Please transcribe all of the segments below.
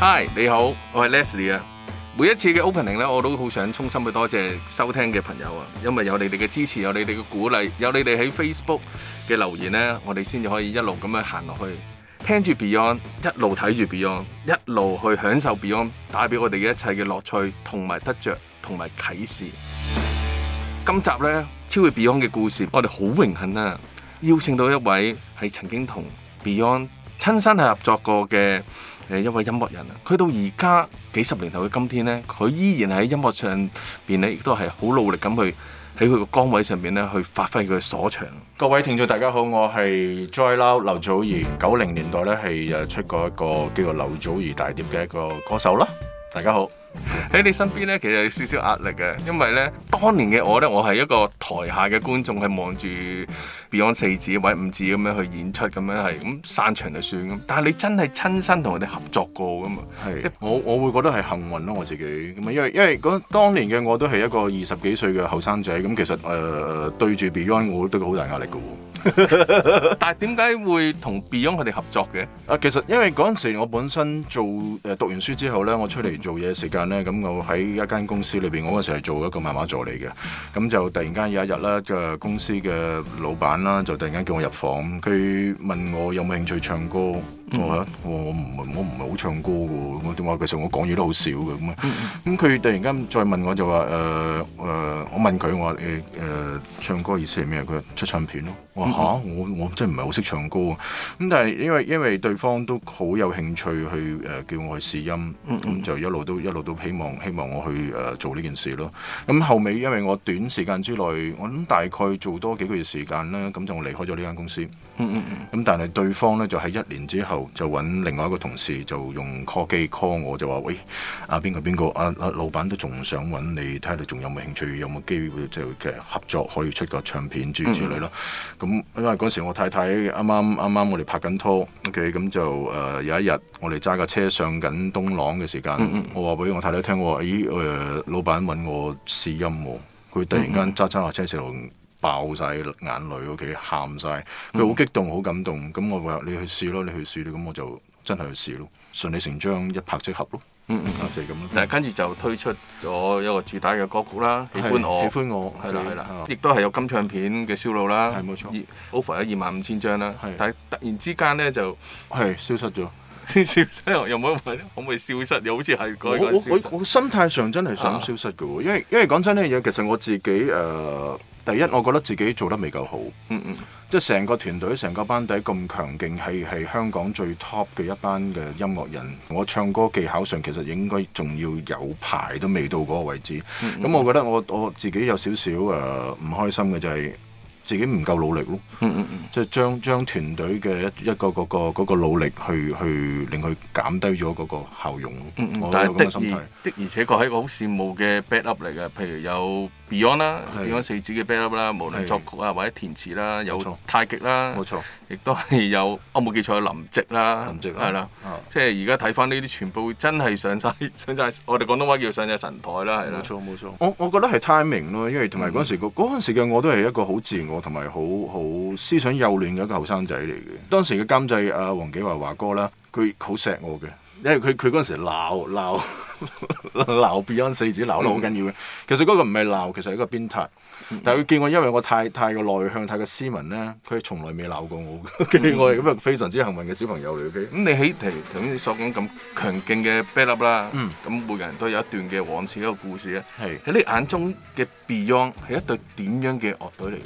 Hi，你好，我係 Leslie 啊。每一次嘅 Opening 咧，我都好想衷心去多謝收聽嘅朋友啊，因為有你哋嘅支持，有你哋嘅鼓勵，有你哋喺 Facebook 嘅留言咧，我哋先至可以一路咁樣行落去，聽住 Beyond，一路睇住 Beyond，一路去享受 Beyond，帶俾我哋嘅一切嘅樂趣同埋得着同埋啟示。今集咧，超越 Beyond 嘅故事，我哋好榮幸啊，邀請到一位係曾經同 Beyond 親身係合作過嘅誒、一位音樂人啊，佢到而家幾十年後嘅今天呢，佢依然喺音樂上邊咧，亦都係好努力咁去喺佢個崗位上邊咧去發揮佢所長。各位聽眾，大家好，我係 Joy Lau 劉祖兒，九零年代呢，係出過一個叫做《劉祖兒大碟》嘅一個歌手啦。大家好。喺、hey，你身邊咧，其實有少少壓力嘅，因為咧當年嘅我咧，我係一個台下嘅觀眾，係望住 Beyond 四子或者五子咁樣去演出咁樣係，咁散場就算。但係你真係親身同佢哋合作過噶嘛？係是，即我我會覺得係幸運咯，我自己咁啊，因為因為當年嘅我都係一個二十幾歲嘅後生仔，咁其實誒、呃、對住 Beyond 我都好大壓力噶。 但係點解會同 Beyond 佢哋合作嘅？啊，其實因為嗰陣時我本身做誒、呃、讀完書之後咧，我出嚟做嘢時間咧，咁我喺一間公司裏邊，我嗰時係做一個漫畫助理嘅。咁就突然間有一日咧，嘅、啊、公司嘅老闆啦，就突然間叫我入房，佢問我有冇興趣唱歌？Mm hmm. 我我唔我唔係好唱歌嘅，我點話？其實我講嘢都好少嘅咁啊。咁佢突然間再問我就話誒誒，我問佢話誒誒，唱歌意思係咩？佢出唱片咯。我話嚇，我我真係唔係好識唱歌啊。咁但係因為因為對方都好有興趣去誒、呃、叫我去試音，咁就一路都一路都希望希望我去誒、呃、做呢件事咯。咁後尾因為我短時間之內，我諗大概做多幾個月時間啦，咁就離開咗呢間公司。嗯嗯嗯，咁、嗯、但係對方咧就喺一年之後就揾另外一個同事就用 call 機 call 我就話喂啊邊個邊個啊啊老闆都仲想揾你睇下你仲有冇興趣有冇機會即係合作可以出個唱片諸如之類咯。咁、嗯、因為嗰時我太太啱啱啱啱我哋拍緊拖，OK，咁就誒、呃、有一日我哋揸架車上緊東朗嘅時間，嗯嗯、我話俾我太太聽，我話咦誒、哎呃、老闆揾我試音喎、哦，佢突然間揸揸下車,車時爆晒眼淚，佢，喊晒，佢好激動，好感動。咁我話你去試咯，你去試你，咁我就真係去試咯，順理成章一拍即合咯，嗯嗯，咁但係跟住就推出咗一個主打嘅歌曲啦，喜歡我，喜歡我，係啦係啦，亦都係有金唱片嘅銷路啦，係冇錯，over 有二萬五千張啦，但係突然之間咧就係消失咗。消失又唔好可唔可以消失，又好似係嗰個消失。我我我心態上真係想消失嘅，啊，因為因為講真呢樣，其實我自己誒、呃，第一我覺得自己做得未夠好，嗯嗯，嗯即係成個團隊，成個班底咁強勁，係係香港最 top 嘅一班嘅音樂人，我唱歌技巧上其實應該仲要有排都未到嗰個位置，咁我覺得我我自己有少少誒呃、唔開心嘅就係。自己唔夠努力咯，即係將將團隊嘅一一個嗰個個努力去去令佢減低咗嗰個效用，嗯嗯，但係的而且確係一個好羨慕嘅 back up 嚟嘅，譬如有 Beyond 啦，Beyond 四子嘅 back up 啦，無論作曲啊或者填詞啦，有太極啦，冇錯，亦都係有我冇記錯林夕啦，林夕啦，係啦，即係而家睇翻呢啲全部真係上晒。上晒我哋廣東話叫上晒神台啦，係啦，冇錯冇錯。我我覺得係 timing 咯，因為同埋嗰陣時個嗰陣時嘅我都係一個好自然。我同埋好好思想幼嫩嘅一個後生仔嚟嘅，當時嘅監製阿黃紀華華哥啦，佢好錫我嘅。因為佢佢嗰陣時鬧鬧鬧 Beyond 四子鬧得好緊要嘅，其實嗰個唔係鬧，其實係一個鞭撻。但係佢見我，因為我太太過內向，太過斯文咧，佢係從來未鬧過我。跟 我係咁樣非常之幸運嘅小朋友嚟嘅。咁、嗯、 你喺提頭先所講咁強勁嘅 Battle 啦，咁每個人都有一段嘅往事一個故事咧。喺是你眼中嘅 Beyond 係一隊點樣嘅樂隊嚟嘅？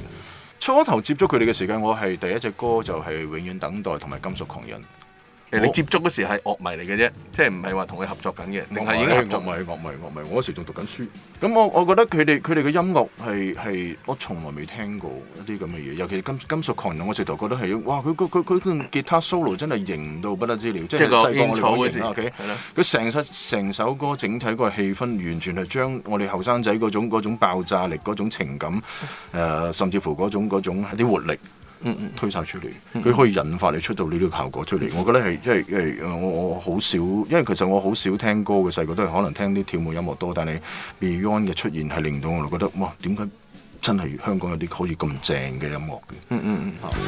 初頭接觸佢哋嘅時間，我係第一隻歌就係、是《永遠等待》同埋《金屬狂人》。你接觸嗰時係樂迷嚟嘅啫，即係唔係話同佢合作緊嘅，定係已經合作埋？樂迷、樂迷、樂迷！我嗰時仲讀緊書，咁我我覺得佢哋佢哋嘅音樂係係我從來未聽過一啲咁嘅嘢，尤其是金金屬狂人，我直頭覺得係哇！佢佢佢佢吉他 Solo 真係型到不得之了，即係細工草型啦。OK，係咯。佢成首成首歌整體個氣氛完全係將我哋後生仔嗰種嗰種爆炸力、嗰種情感誒、呃，甚至乎嗰種嗰種啲活力。嗯嗯，推晒出嚟，佢、嗯嗯、可以引發你出到呢啲效果出嚟。嗯嗯我覺得係，因為因為我我好少，因為其實我好少聽歌嘅，細個都係可能聽啲跳舞音樂多。但係 Beyond 嘅出現係令到我哋覺得，哇！點解真係香港有啲可以咁正嘅音樂嘅？嗯嗯嗯。是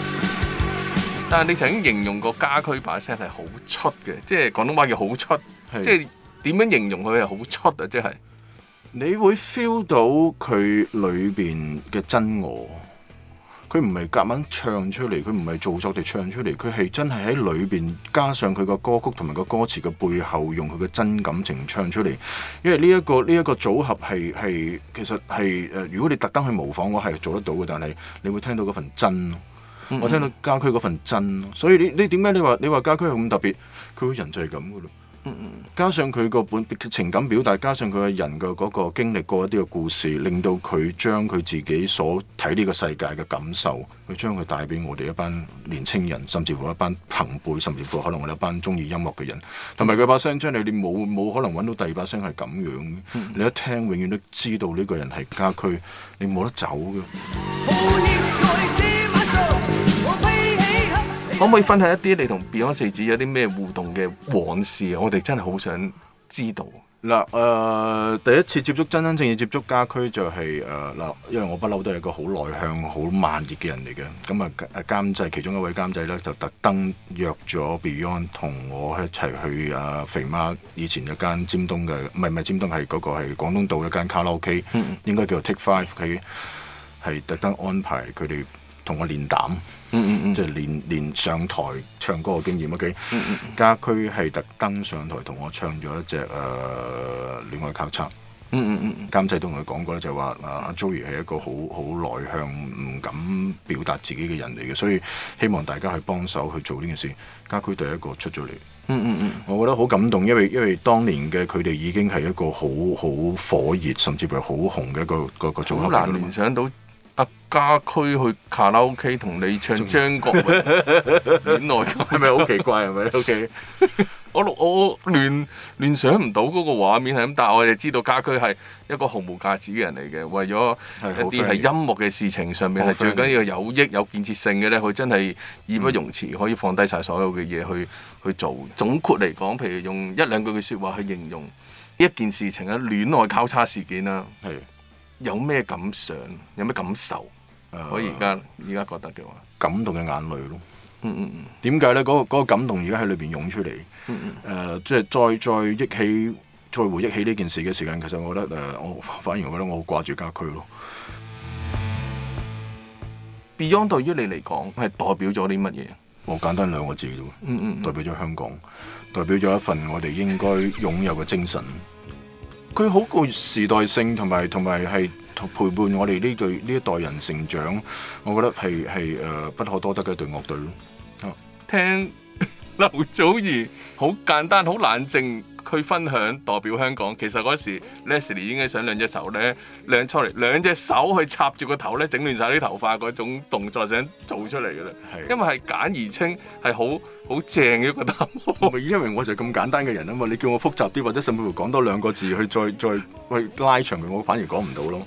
但係你曾經形容過家駒把聲係好出嘅，即係廣東話叫好出，是即係點樣形容佢係好出啊？即係你會 feel 到佢裏邊嘅真我。佢唔係夾硬唱出嚟，佢唔係做作地唱出嚟，佢係真係喺裏邊加上佢個歌曲同埋個歌詞嘅背後，用佢嘅真感情唱出嚟。因為呢一個呢一個組合係係其實係誒，如果你特登去模仿，我係做得到嘅。但係你會聽到嗰份真，我聽到家駒嗰份真咯。所以你你點解你話你話家駒咁特別，佢個人就係咁嘅咯。嗯、加上佢個本情感表達，加上佢嘅人嘅嗰，嗰個經歷過一啲嘅故事，令到佢將佢自己所睇呢個世界嘅感受，去將佢帶俾我哋一班年青人，甚至乎一班朋輩，甚至乎可能我哋一班中意音樂嘅人，同埋佢把聲將，真你，你冇冇可能揾到第二把聲係咁樣，嗯、你一聽永遠都知道呢個人係家駒，你冇得走嘅。可唔可以分享一啲你同 Beyond 四子有啲咩互動嘅往事啊？我哋真係好想知道。嗱，誒、呃、第一次接觸真真正正接觸家駒就係誒嗱，因為我不嬲都係一個好內向、好慢熱嘅人嚟嘅。咁啊，監製其中一位監製咧就特登約咗 Beyond 同我一齊去啊肥媽以前一間尖東嘅，唔係唔係尖東，係、那、嗰個係廣東道一間卡拉 OK，嗯、應該叫做 Take Five，佢係特登安排佢哋同我練膽。嗯嗯嗯，即係連連上台唱歌嘅經驗 OK，、嗯嗯嗯、家駒係特登上台同我唱咗一隻誒《戀、呃、愛考察》嗯。嗯監製、嗯、都同佢講過咧，就話阿 Joey 係一個好好內向、唔敢表達自己嘅人嚟嘅，所以希望大家去幫手去做呢件事。家駒第一個出咗嚟、嗯。嗯嗯嗯，嗯我覺得好感動，因為因為當年嘅佢哋已經係一個好好火熱，甚至乎好紅嘅一個一個一個，一個，一個組合。好難聯想到。家駒去卡拉 OK 同你唱張國榮戀愛，係咪好奇怪？係咪？OK，我我亂亂想唔到嗰個畫面係咁，但係我哋知道家駒係一個毫無價值嘅人嚟嘅，為咗一啲係音樂嘅事情上面係最緊要有益有建設性嘅咧，佢 真係義不容辭，可以放低晒所有嘅嘢去去做。總括嚟講，譬如用一兩句嘅說話去形容呢一件事情咧，戀愛交叉事件啦，係。有咩感想？有咩感受？我而家依家覺得嘅話，感動嘅眼淚咯。嗯嗯嗯。點解咧？嗰、嗰個嗰個感動而家喺裏邊湧出嚟。嗯嗯、mm。即、hmm. 係、uh, 再再，再憶起、再回憶起呢件事嘅時間，其實我覺得誒、呃，我反而我覺得我好掛住家駒咯。Beyond 對於你嚟講係代表咗啲乜嘢？我簡單兩個字啫。嗯嗯。Mm hmm. 代表咗香港，代表咗一份我哋應該擁有嘅精神。佢好具時代性，同埋同埋係陪伴我哋呢對呢一代人成長，我覺得係係誒不可多得嘅一隊樂隊咯。好、啊、聽。劉祖兒好簡單，好冷靜，去分享代表香港。其實嗰時 Leslie 應該想兩隻手咧，兩出嚟，兩隻手去插住個頭咧，整亂晒啲頭髮嗰種動作想做出嚟嘅啦。係，因為係簡而清，係好好正嘅一個答案。因為我就咁簡單嘅人啊嘛，你叫我複雜啲，或者甚至乎講多兩個字去再再去拉長佢，我反而講唔到咯。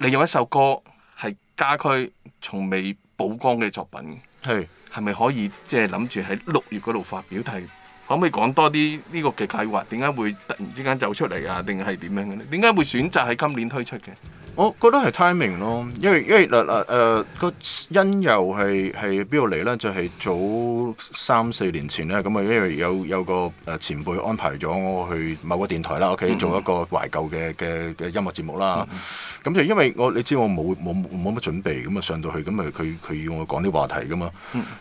你有一首歌係家駒從未曝光嘅作品。係。係咪可以即係諗住喺六月嗰度發表？睇可唔可以講多啲呢個嘅計劃？點解會突然之間走出嚟啊？定係點樣嘅咧？點解會選擇喺今年推出嘅？我覺得係 timing 咯，因為因為嗱嗱，誒個因由係係邊度嚟咧？就係、是、早三四年前咧，咁啊因為有有個誒前輩安排咗我去某個電台啦，OK，做一個懷舊嘅嘅嘅音樂節目啦。嗯嗯嗯嗯咁就因為我你知我冇冇冇乜準備，咁啊上到去，咁啊佢佢要我講啲話題㗎嘛，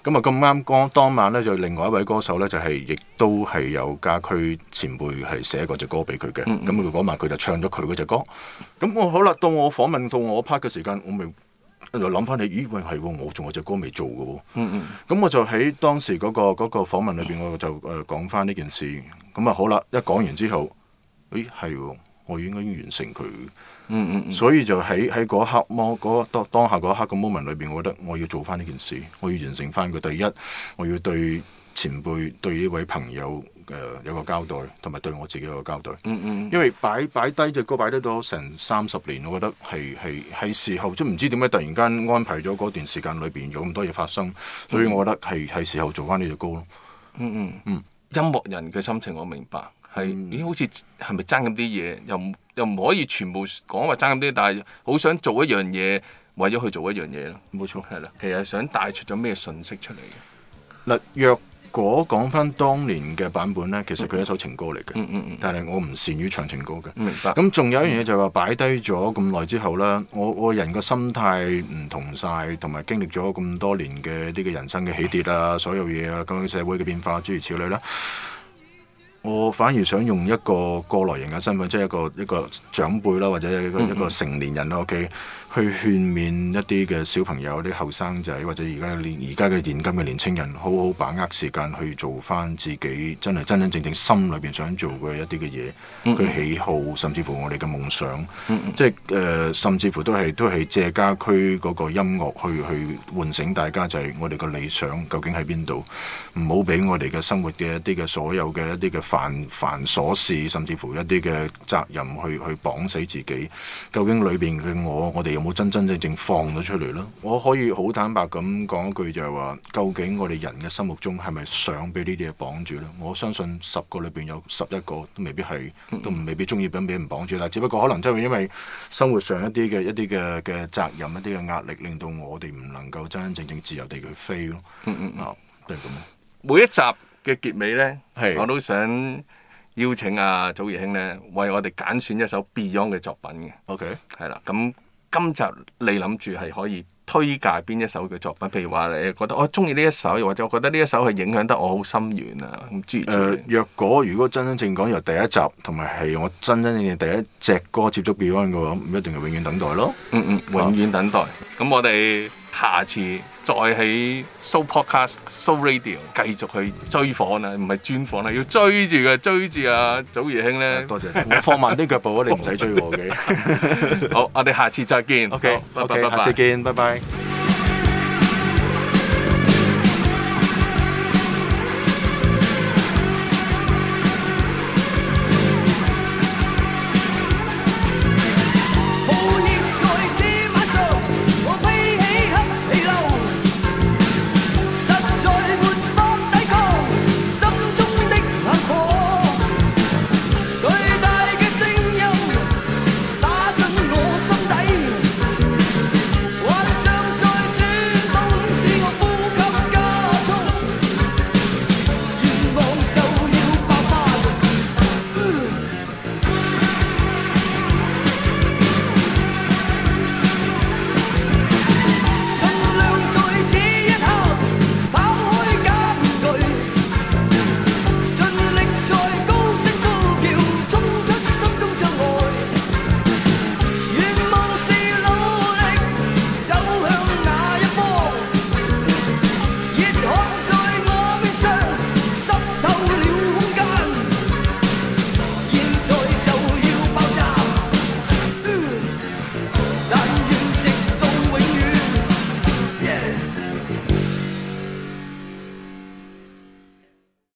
咁啊咁啱，當晚咧就另外一位歌手咧就係、是、亦都係有家駒前輩係寫過隻歌俾佢嘅，咁佢嗰晚，佢、嗯、就唱咗佢嗰隻歌，咁我好啦，到我訪問到我拍嘅時間，我咪就諗翻起，咦，係喎，我仲有隻歌未做嘅喎，咁、嗯嗯、我就喺當時嗰、那個嗰、那個訪問裏邊，我就誒、呃、講翻呢件事，咁啊好啦，一講完之後，誒係喎。我應該要完成佢，嗯，嗯嗯，所以就喺喺嗰刻 m 當當下嗰刻嘅 moment 裏邊，我覺得我要做翻呢件事，我要完成翻佢。第一，我要對前輩，對呢位朋友嘅、呃、有個交代，同埋對我自己有個交代。嗯嗯，嗯嗯，因為擺擺低隻歌擺咗成三十年，我覺得係係係時候，即唔知點解突然間安排咗嗰段時間裏邊有咁多嘢發生，所以我覺得係係、嗯、時候做翻呢隻歌咯，嗯。嗯嗯嗯，音樂人嘅心情我明白。係，咦？好似係咪爭咁啲嘢？又又唔可以全部講話爭咁啲，但係好想做一樣嘢，為咗去做一樣嘢咯。冇錯，係啦。其實想帶出咗咩信息出嚟嘅？若果講翻當年嘅版本呢，其實佢一首情歌嚟嘅，嗯嗯嗯、但係我唔擅於唱情歌嘅。明白。咁仲有一樣嘢就係話擺低咗咁耐之後呢、嗯、我我人個心態唔同晒，同埋經歷咗咁多年嘅呢個人生嘅起跌啊，所有嘢啊，咁樣社會嘅變化，諸如此類啦。我反而想用一個過來人嘅身份，即係一個一個長輩啦，或者一個一個成年人啦，OK，去勸勉一啲嘅小朋友，啲後生仔，或者而家年而家嘅現今嘅年青人，好好把握時間去做翻自己真係真真正正心裏邊想做嘅一啲嘅嘢、佢喜好，甚至乎我哋嘅夢想，即係誒，甚至乎都係都係借家居嗰個音樂去去喚醒大家，就係我哋嘅理想究竟喺邊度，唔好俾我哋嘅生活嘅一啲嘅所有嘅一啲嘅。繁繁瑣事，甚至乎一啲嘅責任去，去去綁死自己。究竟裏邊嘅我，我哋有冇真真正正放咗出嚟呢？我可以好坦白咁講一句，就係話，究竟我哋人嘅心目中係咪想俾呢啲嘢綁住呢？我相信十個裏邊有十一個都未必係，嗯、都唔未必中意，咁俾人綁住。但只不過可能真係因為生活上一啲嘅一啲嘅嘅責任，一啲嘅壓力，令到我哋唔能夠真真正正自由地去飛咯。嗯。嗯嗯，啊，都係咁。每一集。嘅結尾呢，是我都想邀請阿、啊、祖兒兄呢，為我哋揀選一首 Beyond 嘅作品嘅。OK，係啦，咁今集你諗住係可以推介邊一首嘅作品？譬如話你覺得我中意呢一首，或者我覺得呢一首係影響得我好心軟啊。咁，朱、呃、若果如果真真正講，由第一集，同埋係我真真正正第一隻歌接觸 Beyond 嘅話，唔一定係永遠等待咯。嗯嗯，永遠等待。咁 Okay. 我哋。下次再喺 show podcast show radio 繼續去追訪啊，唔係專訪啊，要追住佢追住啊，祖兒兄咧，多謝你，我放慢啲腳步啊， 你唔使追我嘅。 好，我哋下次再見，OK，拜拜，拜拜，再見，拜拜。